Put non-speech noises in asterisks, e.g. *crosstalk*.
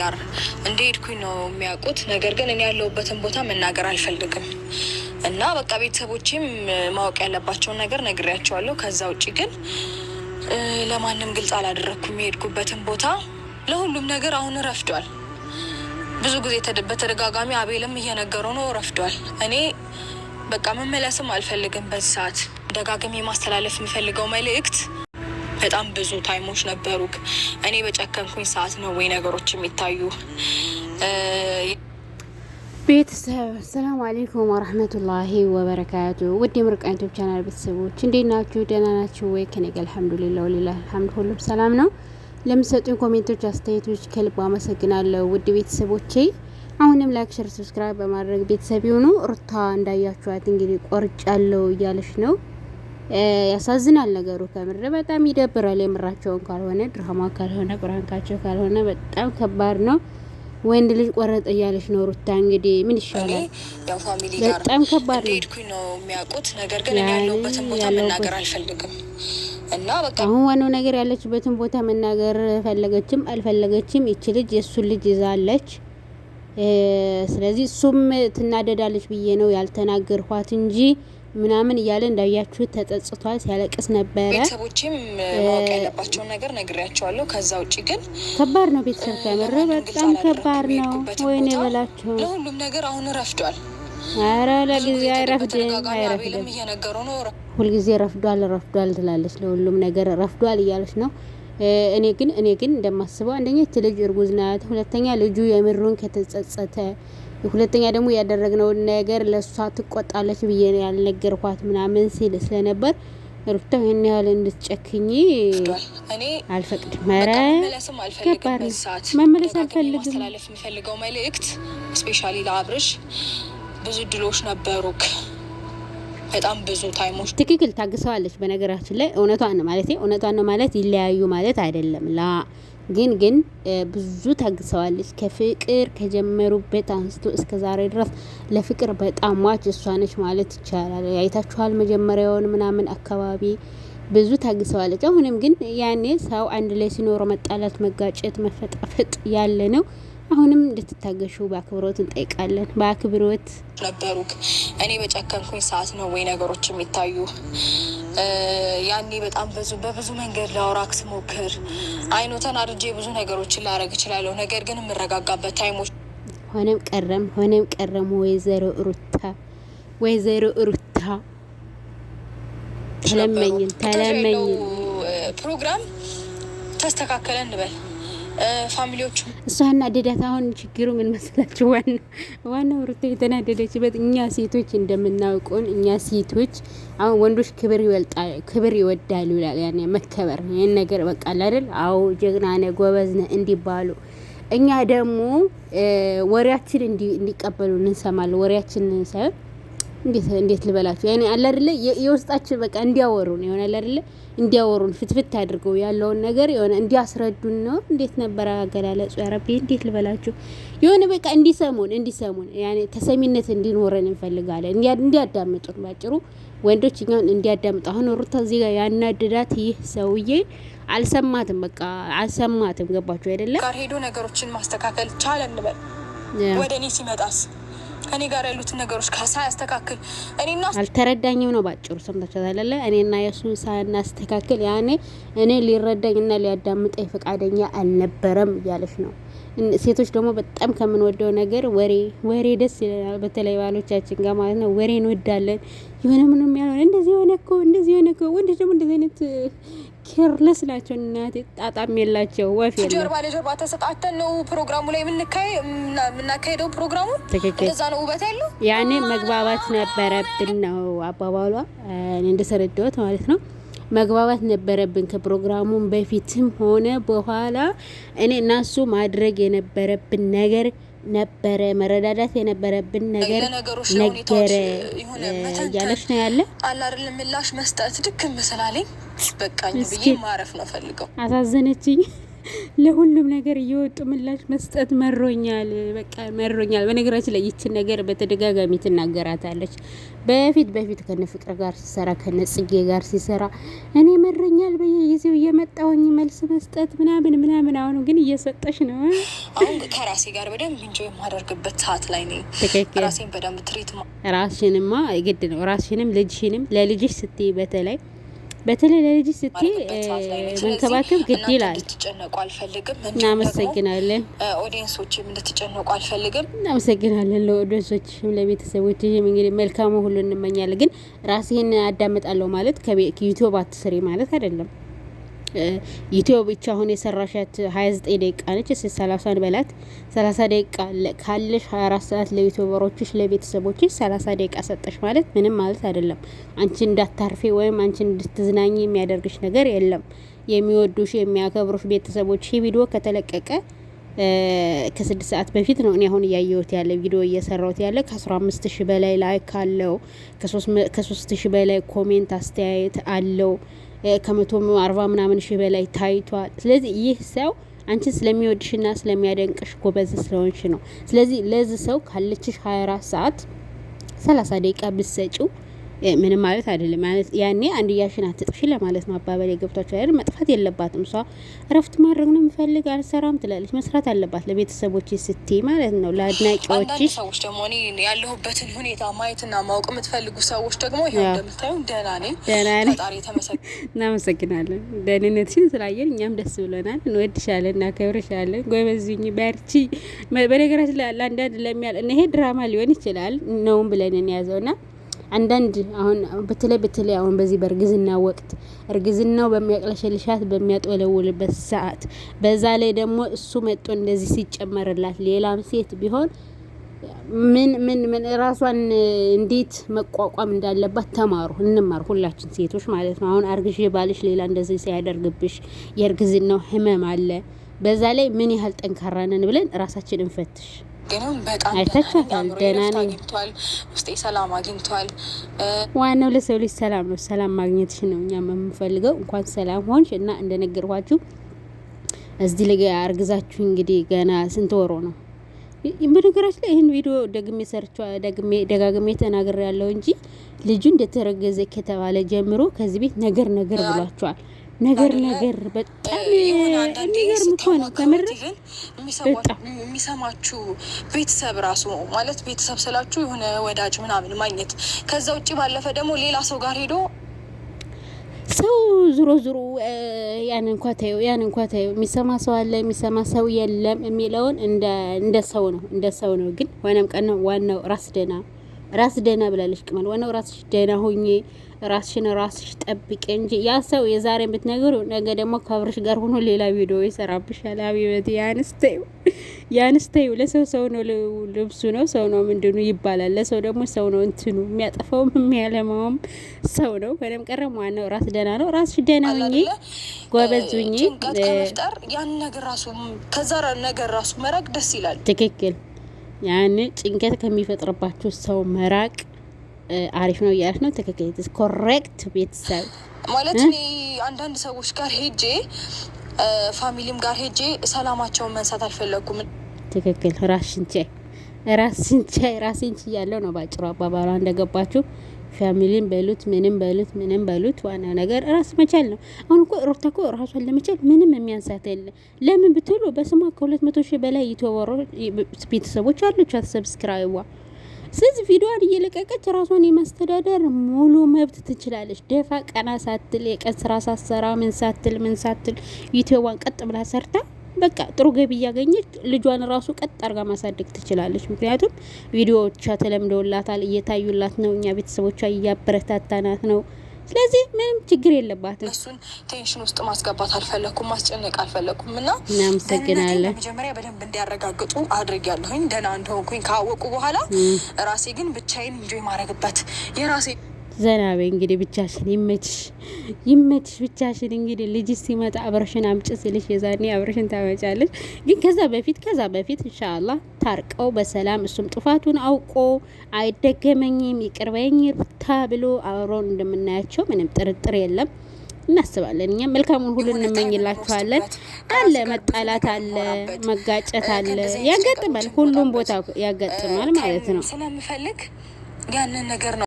ጋር እንደሄድኩኝ ነው የሚያውቁት። ነገር ግን እኔ ያለሁበትን ቦታ መናገር አልፈልግም እና በቃ ቤተሰቦችም ማወቅ ያለባቸውን ነገር ነግሬያቸዋለሁ። ከዛ ውጭ ግን ለማንም ግልጽ አላደረግኩም የሄድኩበትን ቦታ። ለሁሉም ነገር አሁን ረፍዷል። ብዙ ጊዜ በተደጋጋሚ አቤልም እየነገረው ነው ረፍዷል። እኔ በቃ መመለስም አልፈልግም። በዚህ ሰዓት ደጋግሜ ማስተላለፍ የምፈልገው መልእክት በጣም ብዙ ታይሞች ነበሩ። እኔ በጨከንኩኝ ሰዓት ነው ወይ ነገሮች የሚታዩ። ቤተሰብ ሰላም አሌይኩም ወረህመቱላሂ ወበረካቱ። ውድ የምርቃን ዩቱብ ቻናል ቤተሰቦች እንዴት ናችሁ? ደህና ናችሁ ወይ? ከነገ አልሐምዱሊላ ወሌላ አልሐምድ ሁሉም ሰላም ነው። ለምሰጡኝ ኮሜንቶች፣ አስተያየቶች ከልብ አመሰግናለሁ። ውድ ቤተሰቦቼ አሁንም ላይክ፣ ሸር፣ ሰብስክራይብ በማድረግ ቤተሰብ የሆኑ ሩታ እንዳያችኋት እንግዲህ ቆርጫለሁ እያለች ነው ያሳዝናል ነገሩ። ከምር በጣም ይደብራል። የምራቸውን ካልሆነ ድራማ ካልሆነ ቁራንካቸው ካልሆነ በጣም ከባድ ነው። ወንድ ልጅ ቆረጥ እያለች ነው ሩታ። እንግዲህ ምን ይሻላል? በጣም ከባድ ነው። ሄድኩኝ ነው የሚያውቁት። ነገር ግን ያለሁበትን ቦታ መናገር አልፈልግም እና በቃ አሁን ዋናው ነገር ያለችበትን ቦታ መናገር ፈለገችም አልፈለገችም ይቺ ልጅ የእሱን ልጅ ይዛለች። ስለዚህ እሱም ትናደዳለች ብዬ ነው ያልተናገርኳት እንጂ ምናምን እያለ እንዳያችሁት ተጸጽቷል፣ ሲያለቅስ ነበረ። ቤተሰቦችም ማወቅ ያለባቸውን ነገር ነግሬያቸዋለሁ። ከዛ ውጭ ግን ከባድ ነው፣ ቤተሰብ ከምር በጣም ከባድ ነው። ወይን የበላቸው ለሁሉም ነገር አሁን ረፍዷል። አረ ለጊዜ አይረፍድም፣ አይረፍድም። ሁልጊዜ ረፍዷል፣ ረፍዷል ትላለች። ለሁሉም ነገር ረፍዷል እያለች ነው እኔ ግን እኔ ግን እንደማስበው አንደኛ ልጅ እርጉዝ ናት፣ ሁለተኛ ልጁ የምሩን ከተጸጸተ ሁለተኛ ደግሞ ያደረግነውን ነገር ለእሷ ትቆጣለች ብዬ ነው ያልነገርኳት ምናምን ሲል ስለነበር ሩታ ይህን ያህል እንድትጨክኝ አልፈቅድም። ኧረ ከባድ ነው። መመለስ አልፈልግም። ማስተላለፍ የሚፈልገው መልእክት ስፔሻሊ ለአብርሽ ብዙ እድሎች ነበሩክ በጣም ብዙ ታይሞች ትክክል ታግሰዋለች። በነገራችን ላይ እውነቷን ማለት እውነቷን ማለት ይለያዩ ማለት አይደለም ላ ግን ግን ብዙ ታግሰዋለች። ከፍቅር ከጀመሩበት አንስቶ እስከ ዛሬ ድረስ ለፍቅር በጣም ሟች እሷ ነች ማለት ይቻላል። አይታችኋል መጀመሪያውን ምናምን አካባቢ ብዙ ታግሰዋለች። አሁንም ግን ያኔ ሰው አንድ ላይ ሲኖረ መጣላት፣ መጋጨት፣ መፈጣፈጥ ያለ ነው። አሁንም እንድትታገሹ በአክብሮት እንጠይቃለን። በአክብሮት ነበሩ። እኔ በጨከንኩኝ ሰዓት ነው ወይ ነገሮች የሚታዩ? ያኔ በጣም ብዙ በብዙ መንገድ ላውራክ ስሞክር አይኖተን አድርጄ ብዙ ነገሮችን ላረግ እችላለሁ። ነገር ግን የምረጋጋበት ታይሞች ሆነም ቀረም ሆነም ቀረም ወይዘሮ ሩታ ወይዘሮ ሩታ ተለመኝን ተለመኝን ፕሮግራም ተስተካከለ እንበል ፋሚሊዎቹ እሷ ያናደዳት አሁን ችግሩ ምን መሰላችሁ? ዋና ዋናው ሩታ የተናደደችበት እኛ ሴቶች እንደምናውቁን እኛ ሴቶች አሁን ወንዶች ክብር ይወልጣል ክብር ይወዳሉ ይላል ያኔ መከበር ይህን ነገር በቃ አይደል? አዎ ጀግና ነህ ጎበዝ እንዲባሉ እኛ ደግሞ ወሬያችን እንዲቀበሉ እንሰማለን። ወሬያችን ሳይሆን እንዴት እንዴት ልበላችሁ ያኔ አለ አይደለ የውስጣችን በቃ እንዲያወሩን የሆነ አለ አይደለ እንዲያወሩን ፍትፍት አድርገው ያለውን ነገር የሆነ እንዲያስረዱን ነው። እንዴት ነበረ አገላለጹ? ያረቢ እንዴት ልበላችሁ የሆነ በቃ እንዲሰሙን እንዲሰሙን ያኔ ተሰሚነት እንዲኖረን እንፈልጋለን። እንዲያዳምጡን ባጭሩ ወንዶች እኛን እንዲያዳምጡ። አሁን ሩታ እዚህ ጋር ያናድዳት ይህ ሰውዬ አልሰማትም፣ በቃ አልሰማትም። ገባችሁ አይደለም? ጋር ሄዶ ነገሮችን ማስተካከል ቻለ እንበል ወደ እኔ ሲመጣስ እኔ ጋር ያሉትን ነገሮች ያስተካክል። እኔና አልተረዳኝም ነው ባጭሩ። ሰምታችኋት አይደለ? እኔና የእሱን ሳናስተካክል ያኔ እኔ ሊረዳኝና እና ሊያዳምጠኝ ፈቃደኛ አልነበረም እያለች ነው። ሴቶች ደግሞ በጣም ከምንወደው ነገር ወሬ ወሬ ደስ ይለናል። በተለይ ባሎቻችን ጋር ማለት ነው። ወሬ እንወዳለን። የሆነ ምንም ያልሆነ እንደዚህ የሆነ እኮ እንደዚህ የሆነ እኮ ወንዶች ደግሞ እንደዚህ አይነት ኬርለስ ናቸው። እናቴ ጣጣም የላቸው ወፍ ጀርባ ለጀርባ ተሰጣተን ነው ፕሮግራሙ ላይ የምናካሄደው። ፕሮግራሙ እዛ ነው ውበት ያለው። ያኔ መግባባት ነበረብን ነው አባባሏ፣ እንደሰረዳሁት ማለት ነው። መግባባት ነበረብን ከፕሮግራሙም በፊትም ሆነ በኋላ እኔ እናሱ ማድረግ የነበረብን ነገር ነበረ መረዳዳት የነበረብን ነገር ነገረ እያለች ነው ያለ አላርል ምላሽ መስጠት ድክም ስላለኝ በቃኝ ብዬ ማረፍ ነው ፈልገው አሳዘነችኝ። ለሁሉም ነገር እየወጡ ምላሽ መስጠት መሮኛል፣ በቃ መሮኛል። በነገራችን ላይ ይችን ነገር በተደጋጋሚ ትናገራታለች። በፊት በፊት ከነ ፍቅር ጋር ሲሰራ ከነ ጽጌ ጋር ሲሰራ እኔ መረኛል በየጊዜው እየመጣሁኝ መልስ መስጠት ምናምን ምናምን። አሁኑ ግን እየሰጠች ነው። አሁን ከራሴ ጋር በደንብ እንጆ የማደርግበት ሰዓት ላይ ነኝ። ትክክል። ራሴን በደንብ ትሪት ራስሽንማ ግድ ነው። ራስሽንም ልጅሽንም ለልጅሽ ስትይ በተለይ በተለይ ለልጅ ስቲ መንከባከብ ግድ ይላል። አልፈልግም። እናመሰግናለን። ኦዲየንሶችም እንድትጨነቁ አልፈልግም። እናመሰግናለን ለኦዲየንሶችም ለቤተሰቦችም እንግዲህ መልካሙ ሁሉ እንመኛለን። ግን ራሴን አዳምጣለሁ ማለት ከዩቲዩብ አትስሪ ማለት አይደለም። ኢትዮ ብቻ አሁን የሰራሻት 29 ደቂቃ ነች። እስ 30 በላት። 30 ደቂቃ ካለሽ 24 ሰዓት ለዩቲዩበሮችሽ ለቤተሰቦችሽ 30 ደቂቃ ሰጠሽ ማለት ምንም ማለት አይደለም። አንቺ እንዳታርፌ ወይም አንቺ እንድትዝናኝ የሚያደርግሽ ነገር የለም። የሚወዱሽ የሚያከብሩሽ ቤተሰቦች ይህ ቪዲዮ ከተለቀቀ ከስድስት ሰዓት በፊት ነው። እኔ አሁን እያየሁት ያለ ቪዲዮ እየሰራሁት ያለ ከ አምስት ሺህ በላይ ላይክ አለው። ከሶስት ሺህ በላይ ኮሜንት አስተያየት አለው። ከመቶ አርባ ምናምን ሺህ በላይ ታይቷል። ስለዚህ ይህ ሰው አንቺን ስለሚወድሽና ስለሚያደንቅሽ ጎበዝ ስለሆንሽ ነው። ስለዚህ ለዚህ ሰው ካለችሽ 24 ሰዓት ሰላሳ ደቂቃ ብትሰጪው ምንም ማለት አይደለም። ማለት ያኔ አንድያሽን አትጥፊ ለማለት ነው አባባል የገብቷቸው አይደል? መጥፋት የለባትም እሷ እረፍት ማድረግ ነው የምፈልግ አልሰራም ትላለች። መስራት አለባት ለቤተሰቦች ስትይ ማለት ነው። ለአድናቂዎች። ሰዎች ደግሞ እኔ ያለሁበትን ሁኔታ ማየትና ማወቅ የምትፈልጉ ሰዎች ደግሞ ይኸው እንደምታዩ ደህና ነኝ፣ ደህና ነኝ። *laughs* እናመሰግናለን ደህንነትሽን ስላየን እኛም ደስ ብሎናል። እንወድሻለን፣ እናከብርሻለን። ጎበዙኝ፣ በርቺ። በነገራችን ለአንዳንድ ለሚያል ይሄ ድራማ ሊሆን ይችላል ነውም ብለን ያዘውና አንዳንድ አሁን በተለይ በተለይ አሁን በዚህ በእርግዝና ወቅት እርግዝናው በሚያቅለሸልሻት በሚያጠወለውልበት ሰዓት፣ በዛ ላይ ደግሞ እሱ መጦ እንደዚህ ሲጨመርላት ሌላም ሴት ቢሆን ምን ምን ምን ራሷን እንዴት መቋቋም እንዳለባት ተማሩ፣ እንማር ሁላችን ሴቶች ማለት ነው። አሁን አርግሽ ባልሽ ሌላ እንደዚህ ሲያደርግብሽ የእርግዝናው ህመም አለ። በዛ ላይ ምን ያህል ጠንካራ ነን ብለን ራሳችን እንፈትሽ። አይታችኋታል። ደህና ነኝ። ዋናው ለሰው ልጅ ሰላም ነው። ሰላም ማግኘትሽ ነው እኛ የምንፈልገው። እንኳን ሰላም ሆንሽ እና እንደነገርኳችሁ እዚህ ልጋ አርግዛችሁ እንግዲህ ገና ስንት ወሮ ነው? በነገራችን ላይ ይህን ቪዲዮ ደግሜ ሰርቻ ደግሜ ደጋግሜ ተናግሬ ያለው እንጂ ልጁ እንደተረገዘ ከተባለ ጀምሮ ከዚህ ቤት ነገር ነገር ብሏቸዋል። ነገር ነገር በጣም የሚገርም እኮ ነው። ከምር የሚሰማችሁ ቤተሰብ ራሱ ማለት ቤተሰብ ስላችሁ የሆነ ወዳጅ ምናምን ማግኘት ከዛ ውጭ ባለፈ ደግሞ ሌላ ሰው ጋር ሄዶ ሰው ዙሮ ዙሮ ያን እንኳ ታዩ ያን እንኳ ታዩ የሚሰማ ሰው አለ የሚሰማ ሰው የለም የሚለውን እንደ ሰው ነው እንደ ሰው ነው። ግን ዋናም ቀን ነው ዋናው ራስ ደህና ራስ ደህና ብላለች ቅመል ዋናው ራስ ደህና ሆኜ ራስሽን ራስሽ ጠብቂ እንጂ ያ ሰው የዛሬ የምትነግሩ ነገ ደግሞ ከብርሽ ጋር ሆኖ ሌላ ቪዲዮ ይሰራብሻል። አቢበት ያንስተዩ ያንስተዩ ለሰው ሰው ነው ልብሱ ነው ሰው ነው ምንድኑ ይባላል። ለሰው ደግሞ ሰው ነው እንትኑ የሚያጠፋውም የሚያለማውም ሰው ነው። በደም ቀረም ዋናው ራስ ደህና ነው። ራስሽ ደህና ሁኚ፣ ጎበዝ ሁኚ። ያን ነገር ራሱ ከዛ ነገር ራሱ መራቅ ደስ ይላል። ትክክል። ያን ጭንቀት ከሚፈጥርባቸው ሰው መራቅ አሪፍ ነው እያለች ነው። ትክክል ኮሬክት። ቤተሰብ ማለት እኔ አንዳንድ ሰዎች ጋር ሄጄ ፋሚሊም ጋር ሄጄ ሰላማቸውን መንሳት አልፈለጉም። ትክክል ቼ ራስንቼ ቼ ያለው ነው ባጭሩ አባባሏ እንደገባችሁ ፋሚሊን በሉት ምንም በሉት ምንም በሉት፣ ዋና ነገር ራስ መቻል ነው። አሁን እኮ ሩታ እኮ ራሷን ለመቻል ምንም የሚያንሳት የለ። ለምን ብትሉ በስሟ ከሁለት መቶ ሺህ በላይ የተወሩ ቤተሰቦች አሉቻት። ሰብስክራይቧ ስለዚህ ቪዲዮዋን እየለቀቀች ራሷን የማስተዳደር ሙሉ መብት ትችላለች። ደፋ ቀና ሳትል የቀን ስራ ሳትሰራ ምን ሳትል ምን ሳትል ዩቲዩቧን ቀጥ ብላ ሰርታ በቃ ጥሩ ገቢ እያገኘች ልጇን ራሱ ቀጥ አርጋ ማሳደግ ትችላለች። ምክንያቱም ቪዲዮዎቿ ተለምደውላታል፣ እየታዩላት ነው። እኛ ቤተሰቦቿ እያበረታታናት ነው። ስለዚህ ምንም ችግር የለባትም። እሱን ቴንሽን ውስጥ ማስገባት አልፈለኩም፣ ማስጨነቅ አልፈለኩም እና እናመሰግናለን። መጀመሪያ በደንብ እንዲያረጋግጡ አድርግ ያለሁኝ ደህና እንደሆንኩኝ ካወቁ በኋላ ራሴ ግን ብቻዬን እንጆ ማረግበት የራሴ ዘናቤ እንግዲህ ብቻሽን ይመችሽ ይመችሽ። ብቻሽን እንግዲህ ልጅ ሲመጣ አብረሽን አምጭ ስልሽ የዛኔ አብረሽን ታመጫለሽ። ግን ከዛ በፊት ከዛ በፊት እንሻላ ታርቀው በሰላም እሱም ጥፋቱን አውቆ አይደገመኝም ይቅርበኝ ታ ብሎ አብረውን እንደምናያቸው ምንም ጥርጥር የለም። እናስባለን እኛም መልካሙን ሁሉ እንመኝላችኋለን። አለ መጣላት፣ አለ መጋጨት፣ አለ ያጋጥማል። ሁሉም ቦታ ያጋጥማል ማለት ነው። ስለምፈልግ ያንን ነገር ነው